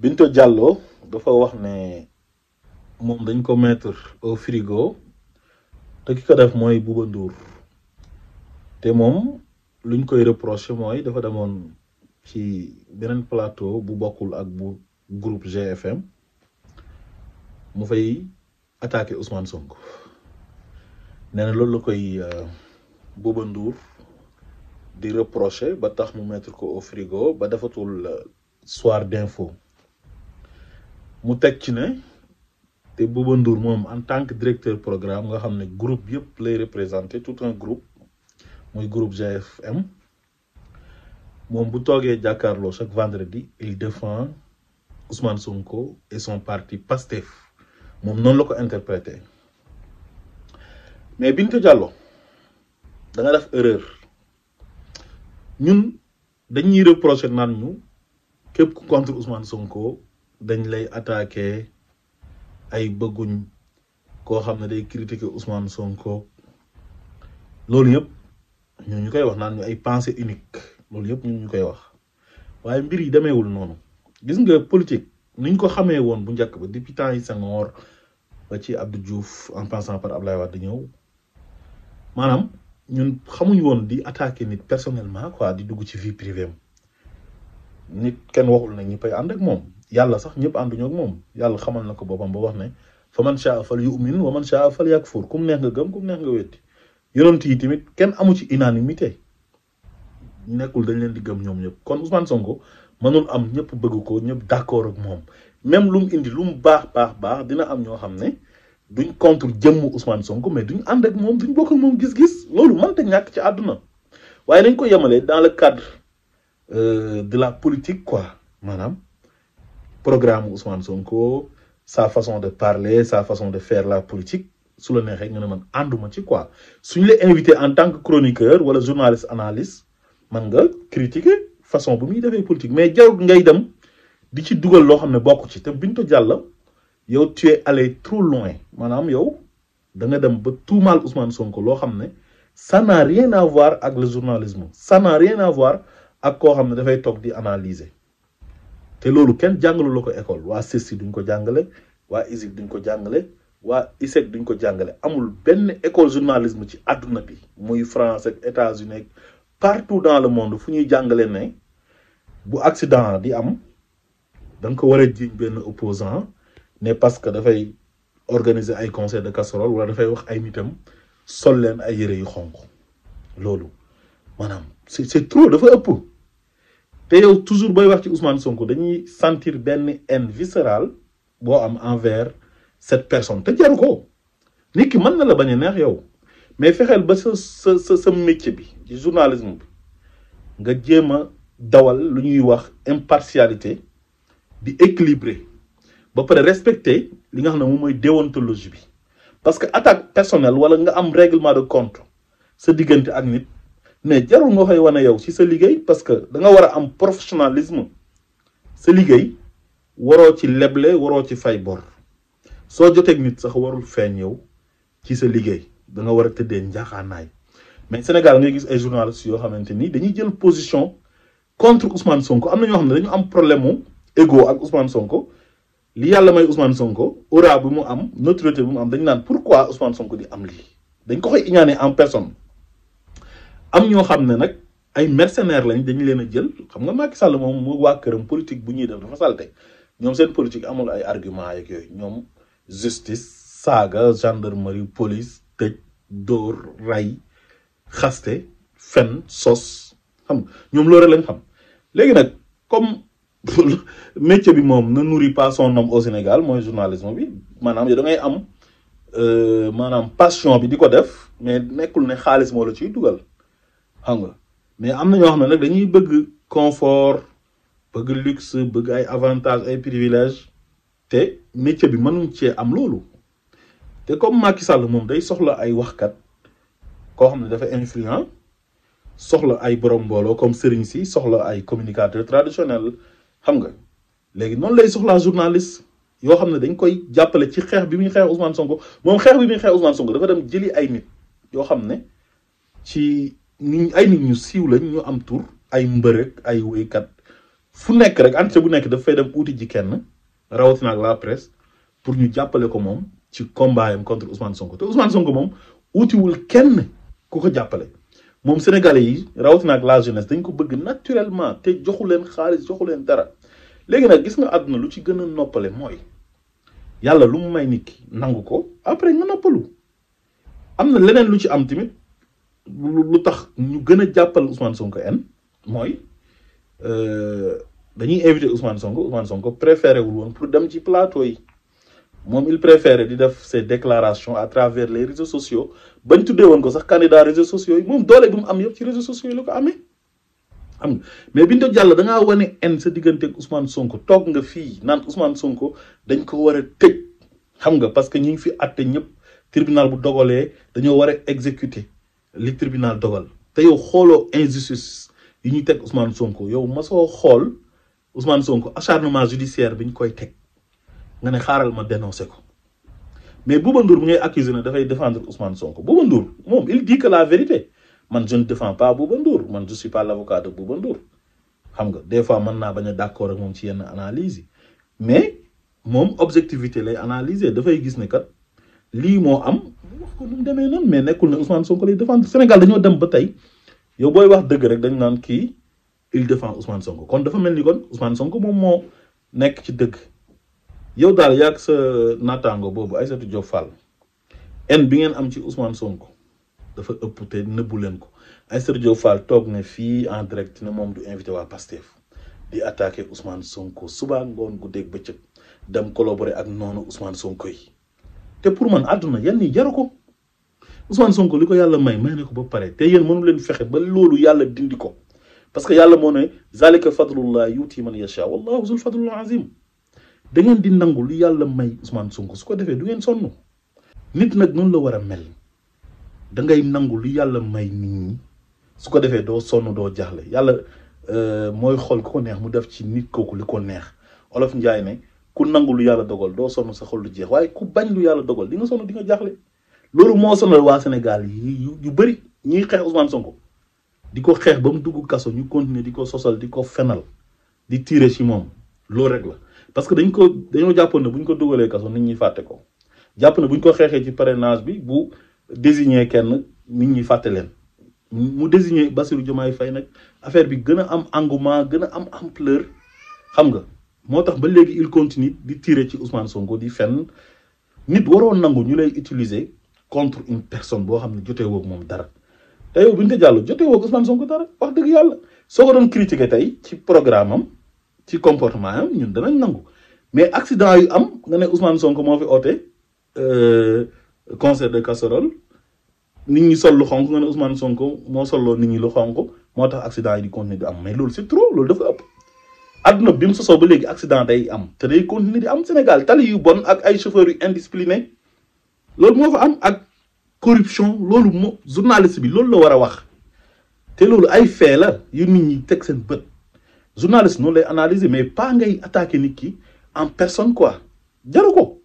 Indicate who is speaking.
Speaker 1: Binta jàlloo dafa wax ne moom dañ ko mettre au frigo te ki ko def mooy Bouba Ndour te moom luñ koy reproché mooy dafa demoon ci beneen plateau bu bokkul ak bu groupe GFM mu fay attaqué Ousmane Sonko nee na loolu koy euh, Bouba Ndour di reproché ba tax mu mettre ko au frigo ba defatul euh, soir d'info mu teg ci ne Ndour mom en tant que directeur programme nga xamné un groupe yépp lay représenté tout un groupe moy groupe JFM. mom bu togué jàkkaarloo chaque vendredi il défend Ousmane Sonko et son parti PASTEF mom non la ko interprété mais Binta Diallo da nga def erreur ñun dañuy reprocher nan ñu képp contre Ousmane Sonko. dañ lay attaqué ay bëgguñ koo xam ne day critiqué Ousmane Sonko loolu yëpp ñun ñu koy wax naan ñu ay pensée unique loolu yëpp ñun ñu koy wax waaye mbir yi demeewul noonu gis nga politique niñ ko xamee woon bu njëkk ba depuis temps yi Senghor ba ci Abdou Diouf en passant par Abdoulaye Wade ñëw maanaam ñun xamuñ woon di attaqué nit personnellement quoi di dugg ci vie privée nit kenn waxul nañ ñi pay ànd ak moom Yalla sax ñepp andu ñok mom yalla xamal nako bopam ba wax ne fa shaa fal yu'min wa man shaa fal yakfur kum neex nga gem kum neex nga wetti yonent yi timit ken amu ci unanimité nekul dañ leen di gem ñom ñepp kon Ousmane Sonko manul am ñepp bëgg ko ñepp d'accord ak mom même lu mu indi lu mu baax baax baax dina am ño xamne ne duñ contre jëm Ousmane Sonko mais duñ and ak mom duñ bokk ak moom gis-gis man mënta ñak ci aduna waye dañ ko yamalé dans le cadre euh, de la politique quoi manam programme Ousmane Sonko sa façon de parler sa façon de faire la politique sous le neexee nga ne man ànduma ci quoi suñ invité en tant que chroniqueur ou journaliste analyste man nga la façon bu fait la politique mais jarul ngay dem di ci dugal loo xam ne ci te Binta Diallo yow tu es allé trop loin maanaam yow da nga dem ba tuumaal Ousmane Sonko ça n'a rien à voir avec le journalisme ça n'a rien à voir avec ce qu'on ne dafay analyser té lolu kenn jangalu la école wa CESTI duñ ko jangalé wa ISIC duñ ko jangalé wa ISEC duñ ko jangalé amul ben école journalisme ci aduna bi muy France ak États-Unis partout dans le monde fu jangalé né bu accident di am dang ko wara a ben opposant ne parce que fay organiser ay concert de casserole wala fay wax ay nitam sol leen ay yere yu xonko lolu manam c'est c'est trop dafa ëpp te yow toujours boy wax ci Ousmane Sonko dañuy sentir ben haine viscérale bo am envers cette personne te jaru ko nit ki mën na la bañ neex yow mais fexel ba ce ce ce sa métier bi du journalisme nga djema dawal lu ñuy wax impartialité di équilibré ba pare respecter li nga xam ne moom déontologie bi parce que attaque personnelle wala nga am règlement de compte sa diggante ak nit mais jarul nga koy wane yow ci sa liggéey parce que da nga wara am professionnalisme sa liggéey waro ci leble waro ci fay bor so joteeg nit sax warul feeñ yow ci sa liggéey da nga wara teddé tëddee njaaxaanaay mais Sénégal ngay gis ay journalistes yo xamanteni dañuy jël position contre Ousmane Sonko amna na ñoo xam dañu am problème ego ak Ousmane Sonko li yalla may Ousmane Sonko aura bu mu am notoriété bu mu am dañu naan pourquoi Ousmane Sonko di am li dañ ko koy iñaanee en personne am ñoo xam ne nag ay mercenaires lañ dañ leen a jël xam nga Macky Sall moom moo waa këram politique bu ñuy def dafa salte ñoom seen politique amul ay argument yeeg yooyu ñoom justice saaga gendarmerie police tëj dóor ray xaste fen sos xam nga ñoom loolu lañ xam léegi nag comme métier bi moom ne nourrit pas son homme au Sénégal mooy journalisme bi maanaam yow da ngay am euh, maanaam passion bi di ko def mais nekkul ne xaalis moo la ciy dugal xam mais am na ñoo xam ne dañuy bëgg confort bëgg luxe bëgg ay avantages ay privilèges te métier bi mënuñ cee am loolu te comme Macky Sall moom day soxla ay waxkat koo xam ne dafa influent soxla ay borom comme Serigne si soxla ay communicateur traditionnel xam nga léegi noonu lay soxlaa journaliste yo xam ne dañ koy jàppale ci xeex bi muy xeex Ousmane Sonko moom xeex bi muy xeex Ousmane Sonko dafa dem jëli ay nit yoo xam ci. nit ay nit ñu siiw lañ ñu am tur ay mbërëg ay wéykat fu nekk rek entité bu nekk daf fay dem uuti ji kenn rawatina ak la presse pour ñu jàppale ko moom ci combat yam contre Ousmane Sonko te Ousmane Sonko moom uutiwul kenn ku ko jàppale moom sénégalais yi rawatina ak la jeunesse dañ ko bëgg naturellement te joxu leen xaalis joxu leen dara léegi nag gis nga àdduna lu ci gën a noppale mooy yàlla lu mu may nit ki nangu ko après nga noppalu am na leneen lu ci am tamit. lu tax ñu gën a jàppal Ousmane Sonko en mooy euh, dañuy invité Ousmane Sonko Ousmane Sonko préféré woon pour dem ci plateau yi moom il préféré di def ses déclaration à travers les réseaux sociaux bañ tuddee woon ko sax candidat réseaux sociaux yi moom doole bi mu am yëpp ci réseaux sociaux yi la ko amee. am nga mais biñ te jàll da wane en sa diggante ak Ousmane Sonko toog nga fii naan Ousmane Sonko dañ ko war a tëj xam nga parce que ñu ngi fi àtte ñëpp tribunal bu dogalee dañoo war a exécuter. li tribunal dogal te yow xolo injustice yi ñuy teg Ousmane Sonko yow so xol Ousmane Sonko acharnement judiciaire biñ koy tek nga ne xaaral ma dénoncé ko mais Bouba Ndour bi ngay accusé da fay défendre Ousmane Sonko Bouba Ndour il dit que la vérité man je ne défends pas Bouba Ndour man je suis pas l'avocat de Bouba Ndour xam nga des fois man n'a baña d'accord ak mom ci yenn analyse mais mom objectivité lay analyser fay gis ne kat li mo am. nekkul nu demee noonu mais nekkul ne Ousmane Sonko lay défendre Sénégal dañoo dem ba tey yow booy wax dëgg rek dañ naan kii il défend Ousmane Sonko kon dafa mel kon Ousmane Sonko moom moo nekk ci dëgg yow daal yàgg sa naataango boobu Aïssatou Diop Fall en bi ngeen am ci Ousmane Sonko dafa ëpp te nëbbu leen ko Aïssatou Diop Fall toog ne fii en direct ne moom du invité waa Pastef di attaqué Ousmane Sonko suba ngoon guddeeg bëccëg dem collaborer ak noonu Ousmane Sonko yi te pour man àdduna yenn yi ko Ousmane Sonko liko yàlla may may nako ba pare te yéen mënu leen fexe ba lolu yàlla dindi ko parce que yàlla mo ne zalika fadlullah yuti man yasha wallahu zul fadlul azim da ngeen di nangul li yàlla may Ousmane Sonko su ko defee du ngeen sonu nit nak non la wara mel da ngay nangul li yàlla may nit ñi su ko defee doo sonn doo jaxle yàlla euh moy xol ko neex mu def ci nit kooku li ko neex olof njaay ne ku nangul lu yàlla dogal do sonu sa xol lu jeex waye ku bañ lu yàlla dogal di nga sonu di nga jaxle loolu mo sonal wa Sénégal yu bari ñi xex Ousmane Sonko diko xex bam dugg kasso ñu continuer fenal di tirer ci parce que dañ ko dañu japon ne ko pas. Les nit ñi faté ko ne parrainage bi bu désigner kenn nit ñi mu désigner affaire bi am engouement am ampleur xam nga ba il continue di tirer ci Ousmane Sonko di nit ñu utiliser contre une personne bo xam joté jotee mom dara te yow Ousmane Sonko dara wax deug yalla critiquer tay ci programme ci comportement am ñun danañ nangu mais accident yu am nga Ousmane Sonko mo fi euh, concert de casserole nit ñi sol xonk Ousmane Sonko mo nit ñi lu xonk motax accident yi di continuer di mais c'est trop dafa upp aduna bimu ba accident day am continuer di Sénégal tali yu bon ak ay chauffeurs loolu moo fa am ak corruption loolu journaliste bi loolu la war a wax te loolu ay fait la yu nit ñi teg seen bët journaliste noonu lay analyser mais pas ngay attaquer nit ki en personne quoi jaru ko